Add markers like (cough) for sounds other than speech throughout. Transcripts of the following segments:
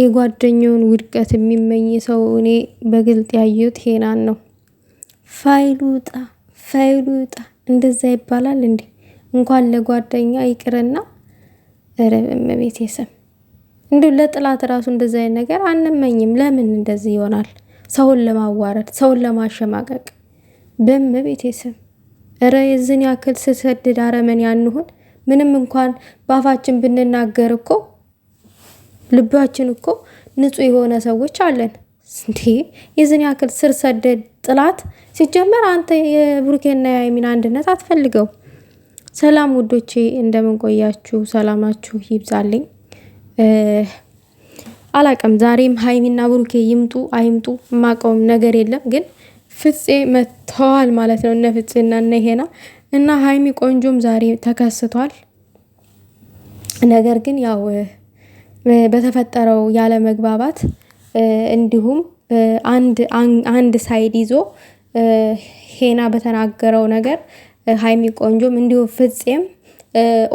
የጓደኛውን ውድቀት የሚመኝ ሰው እኔ በግልጥ ያየሁት ሄናን ነው። ፋይሉ ውጣ ፋይሉ ውጣ እንደዛ ይባላል እንዴ? እንኳን ለጓደኛ ይቅርና እረ በእመቤቴ የሰም እንዲሁ ለጥላት ራሱ እንደዚ አይነት ነገር አንመኝም። ለምን እንደዚህ ይሆናል? ሰውን ለማዋረድ ሰውን ለማሸማቀቅ በእመቤቴ የሰም ረ የዝን ያክል ስሰድድ አረመኔ ያንሁን ምንም እንኳን በአፋችን ብንናገር እኮ ልባችን እኮ ንጹህ የሆነ ሰዎች አለን። እንዴ የዝን ያክል ስር ሰደድ ጥላት ሲጀመር አንተ የብሩኬና የሚን አንድነት አትፈልገው። ሰላም ውዶቼ እንደምንቆያችሁ ሰላማችሁ ይብዛልኝ። አላቀም ዛሬም ሀይሚና ብሩኬ ይምጡ አይምጡ ማቀውም ነገር የለም ግን ፍፄ መጥተዋል ማለት ነው። እነ ፍፄና እነ ሄና እና ሀይሚ ቆንጆም ዛሬ ተከስቷል። ነገር ግን ያው በተፈጠረው ያለመግባባት እንዲሁም አንድ ሳይድ ይዞ ሄና በተናገረው ነገር ሀይሚ ቆንጆም እንዲሁም ፍፄም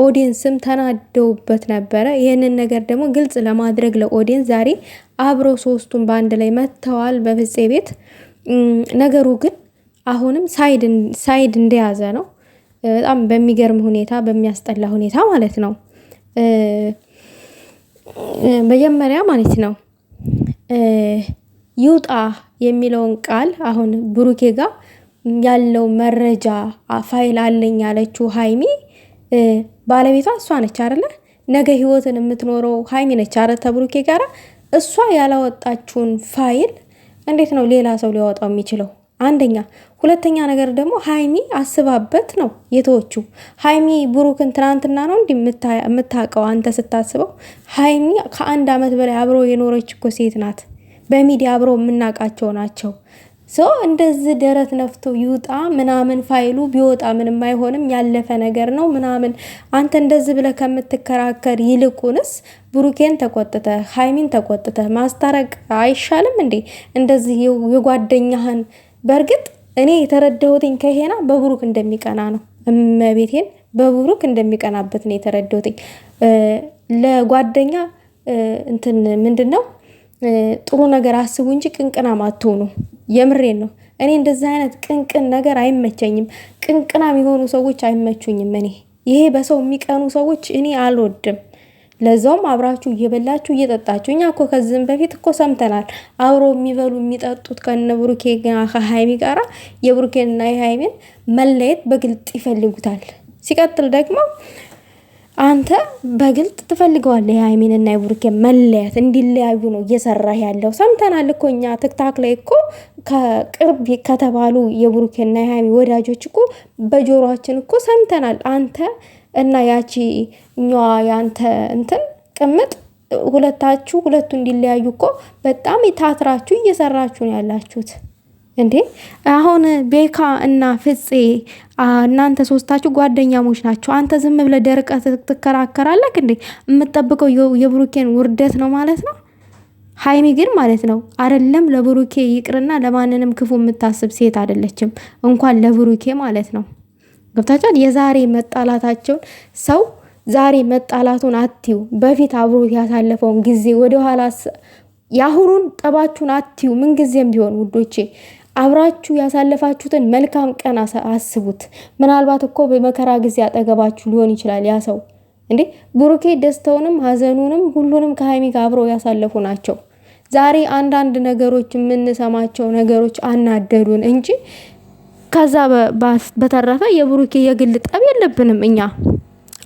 ኦዲየንስም ተናደውበት ነበረ። ይህንን ነገር ደግሞ ግልጽ ለማድረግ ለኦዲየንስ ዛሬ አብሮ ሶስቱም በአንድ ላይ መጥተዋል በፍፄ ቤት። ነገሩ ግን አሁንም ሳይድ እንደያዘ ነው። በጣም በሚገርም ሁኔታ፣ በሚያስጠላ ሁኔታ ማለት ነው። መጀመሪያ ማለት ነው ይውጣ የሚለውን ቃል አሁን ብሩኬ ጋር ያለው መረጃ ፋይል አለኝ ያለችው ሀይሚ ባለቤቷ እሷ ነች አይደለ? ነገ ህይወትን የምትኖረው ሀይሚ ነች አረ ተብሩኬ ጋራ እሷ ያላወጣችውን ፋይል እንዴት ነው ሌላ ሰው ሊያወጣው የሚችለው? አንደኛ። ሁለተኛ ነገር ደግሞ ሀይሚ አስባበት ነው የተወቹ። ሀይሚ ብሩክን ትናንትና ነው እንዲህ የምታውቀው አንተ ስታስበው። ሀይሚ ከአንድ አመት በላይ አብሮ የኖረች እኮ ሴት ናት። በሚዲያ አብሮ የምናውቃቸው ናቸው። ሰው እንደዚህ ደረት ነፍቶ ይውጣ ምናምን ፋይሉ ቢወጣ ምንም አይሆንም፣ ያለፈ ነገር ነው ምናምን። አንተ እንደዚህ ብለህ ከምትከራከር ይልቁንስ ብሩኬን ተቆጥተ ሀይሚን ተቆጥተ ማስታረቅ አይሻልም እንዴ? እንደዚህ የጓደኛህን በእርግጥ እኔ የተረዳሁትኝ ከሄና በብሩክ እንደሚቀና ነው። እመቤቴን በብሩክ እንደሚቀናበት ነው የተረዳሁትኝ። ለጓደኛ እንትን ምንድን ነው ጥሩ ነገር አስቡ እንጂ ቅንቅናም አትሆኑ። የምሬን ነው። እኔ እንደዚህ አይነት ቅንቅን ነገር አይመቸኝም። ቅንቅናም የሆኑ ሰዎች አይመቹኝም። እኔ ይሄ በሰው የሚቀኑ ሰዎች እኔ አልወድም። ለዛውም አብራችሁ እየበላችሁ እየጠጣችሁ። እኛ እኮ ከዚህም በፊት እኮ ሰምተናል። አብረው የሚበሉ የሚጠጡት ከነ ብሩኬ ከሀይሚ ጋራ የብሩኬንና የሀይሚን መለየት በግልጥ ይፈልጉታል። ሲቀጥል ደግሞ አንተ በግልጥ ትፈልገዋለህ የሀይሚንና የብሩኬን መለያት እንዲለያዩ ነው እየሰራህ ያለው። ሰምተናል እኮ እኛ ትክታክ ላይ እኮ ከቅርብ ከተባሉ የብሩኬና የሀይሚ ወዳጆች እኮ በጆሮችን እኮ ሰምተናል አንተ እና ያቺ እኛዋ ያንተ እንትን ቅምጥ ሁለታችሁ ሁለቱ እንዲለያዩ እኮ በጣም ታትራችሁ እየሰራችሁ ነው ያላችሁት። እንዴ አሁን ቤካ እና ፍፄ እናንተ ሶስታችሁ ጓደኛሞች ናቸው። አንተ ዝም ብለህ ደርቀ ትከራከራለህ እንዴ? የምጠብቀው የብሩኬን ውርደት ነው ማለት ነው። ሀይሚ ግን ማለት ነው አደለም፣ ለብሩኬ ይቅርና ለማንንም ክፉ የምታስብ ሴት አይደለችም፣ እንኳን ለብሩኬ ማለት ነው። ገብታችኋል። የዛሬ መጣላታቸውን ሰው ዛሬ መጣላቱን አትዩ፣ በፊት አብሮት ያሳለፈውን ጊዜ ወደኋላ የአሁኑን ጠባችሁን አትዩ። ምንጊዜም ቢሆን ውዶቼ አብራችሁ ያሳለፋችሁትን መልካም ቀን አስቡት። ምናልባት እኮ በመከራ ጊዜ አጠገባችሁ ሊሆን ይችላል ያ ሰው። እንዴ ብሩኬ ደስተውንም ሀዘኑንም ሁሉንም ከሀይሚ ጋር አብረው ያሳለፉ ናቸው። ዛሬ አንዳንድ ነገሮች የምንሰማቸው ነገሮች አናደዱን እንጂ ከዛ በተረፈ የብሩኬ የግል ጠብ የለብንም እኛ።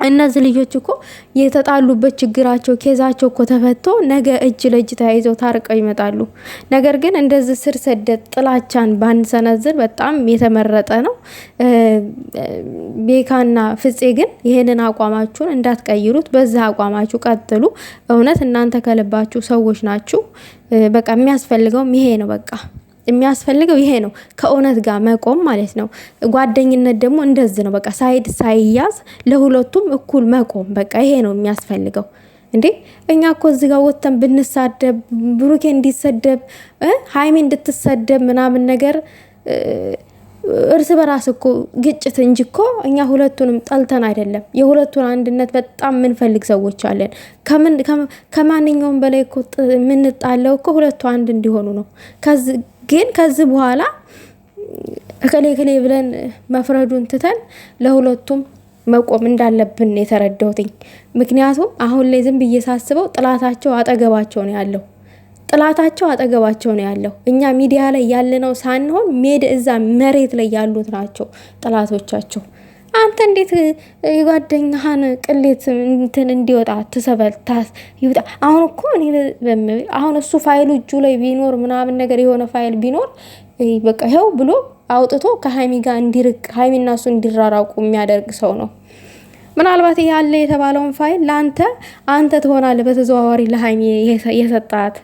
እነዚህ ልጆች እኮ የተጣሉበት ችግራቸው ኬዛቸው እኮ ተፈቶ ነገ እጅ ለእጅ ተያይዘው ታርቀው ይመጣሉ። ነገር ግን እንደዚህ ስር ሰደድ ጥላቻን ባንሰነዝር በጣም የተመረጠ ነው። ቤካና ፍፄ ግን ይህንን አቋማችሁን እንዳትቀይሩት፣ በዛ አቋማችሁ ቀጥሉ። እውነት እናንተ ከልባችሁ ሰዎች ናችሁ። በቃ የሚያስፈልገውም ይሄ ነው በቃ የሚያስፈልገው ይሄ ነው፣ ከእውነት ጋር መቆም ማለት ነው። ጓደኝነት ደግሞ እንደዚህ ነው። በቃ ሳይድ ሳይያዝ ለሁለቱም እኩል መቆም በቃ ይሄ ነው የሚያስፈልገው። እንዴ እኛ እኮ እዚህ ጋር ወጥተን ብንሳደብ ብሩኬ እንዲሰደብ ሀይሜ እንድትሰደብ ምናምን ነገር እርስ በራስ እኮ ግጭት እንጂ እኮ እኛ ሁለቱንም ጠልተን አይደለም። የሁለቱን አንድነት በጣም የምንፈልግ ሰዎች አለን። ከማንኛውም በላይ እኮ የምንጣለው እኮ ሁለቱ አንድ እንዲሆኑ ነው። ግን ከዚህ በኋላ እከሌ እከሌ ብለን መፍረዱን ትተን ለሁለቱም መቆም እንዳለብን የተረዳሁትኝ። ምክንያቱም አሁን ላይ ዝም ብዬ ሳስበው ጥላታቸው አጠገባቸው ነው ያለው ጥላታቸው አጠገባቸው ነው ያለው። እኛ ሚዲያ ላይ ያለነው ሳንሆን ሜድ እዛ መሬት ላይ ያሉት ናቸው ጥላቶቻቸው። አንተ እንዴት የጓደኛህን ቅሌት እንትን እንዲወጣ ትሰበልታስ ይውጣ። አሁን እኮ እኔ አሁን እሱ ፋይሉ እጁ ላይ ቢኖር ምናምን ነገር የሆነ ፋይል ቢኖር በቃ ይኸው ብሎ አውጥቶ ከሀይሚ ጋር እንዲርቅ ሀይሚና እሱ እንዲራራቁ የሚያደርግ ሰው ነው። ምናልባት ያለ የተባለውን ፋይል ለአንተ አንተ ትሆናለህ በተዘዋዋሪ ለሀይሚ የሰጣት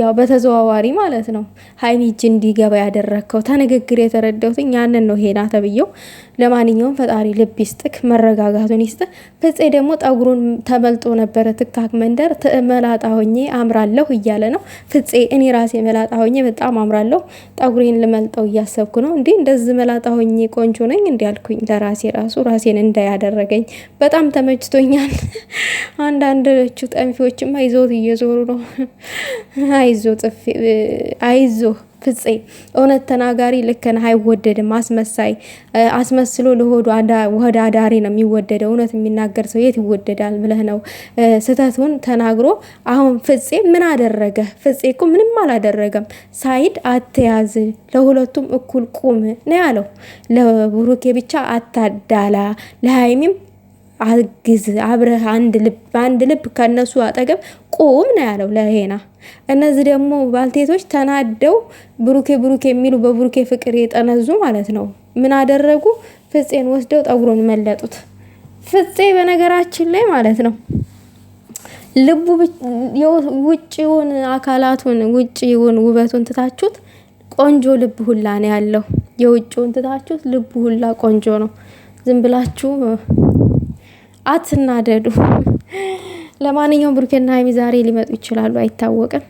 ያው በተዘዋዋሪ ማለት ነው ሀይሚ እጅ እንዲገባ ያደረግከው ተንግግር የተረዳሁትኝ ያንን ነው ሄና ተብየው። ለማንኛውም ፈጣሪ ልብ ይስጥክ፣ መረጋጋቱን ይስጥ። ፍፄ ደግሞ ጠጉሩን ተመልጦ ነበረ ትክታክ መንደር መላጣ ሆኜ አምራለሁ እያለ ነው ፍፄ። እኔ ራሴ መላጣ ሆኜ በጣም አምራለሁ፣ ጠጉሬን ልመልጠው እያሰብኩ ነው። እንዲህ እንደዚህ መላጣ ሆኜ ቆንጆ ነኝ እንዲያልኩኝ ለራሴ ራሱ ራሴን እንዳያደረገኝ በጣም ተመችቶኛል። (laughs) አንዳንዶቹ ጠንፊዎችማ ይዘውት እየዞሩ ነው። አይዞ ጽፌ አይዞ ፍፄ እውነት ተናጋሪ ልክ አይወደድም አስመሳይ አስመስሎ ለሆዱ ወደ አዳሪ ነው የሚወደደው። እውነት የሚናገር ሰው የት ይወደዳል ብለህ ነው ስህተቱን ተናግሮ። አሁን ፍፄ ምን አደረገ? ፍፄ እኮ ምንም አላደረገም። ሳይድ አትያዝ፣ ለሁለቱም እኩል ቁም ነው ያለው። ለብሩኬ ብቻ አታዳላ፣ ለሀይሚም አግዝ፣ አብረህ አንድ ልብ ከነሱ አጠገብ ቁም ነው ያለው ለሄና። እነዚህ ደግሞ ባልቴቶች ተናደው ብሩኬ ብሩኬ የሚሉ በብሩኬ ፍቅር የጠነዙ ማለት ነው። ምን አደረጉ? ፍፄን ወስደው ጠጉሩን መለጡት። ፍፄ በነገራችን ላይ ማለት ነው ልቡ ውጭውን አካላቱን ውጭውን ውበቱን ትታችሁት ቆንጆ ልብ ሁላ ነው ያለው። የውጭውን ትታችሁት ልቡ ሁላ ቆንጆ ነው። ዝም ብላችሁ አትናደዱ። ለማንኛውም ብሩኬና ሀይሚ ዛሬ ሊመጡ ይችላሉ፣ አይታወቅም።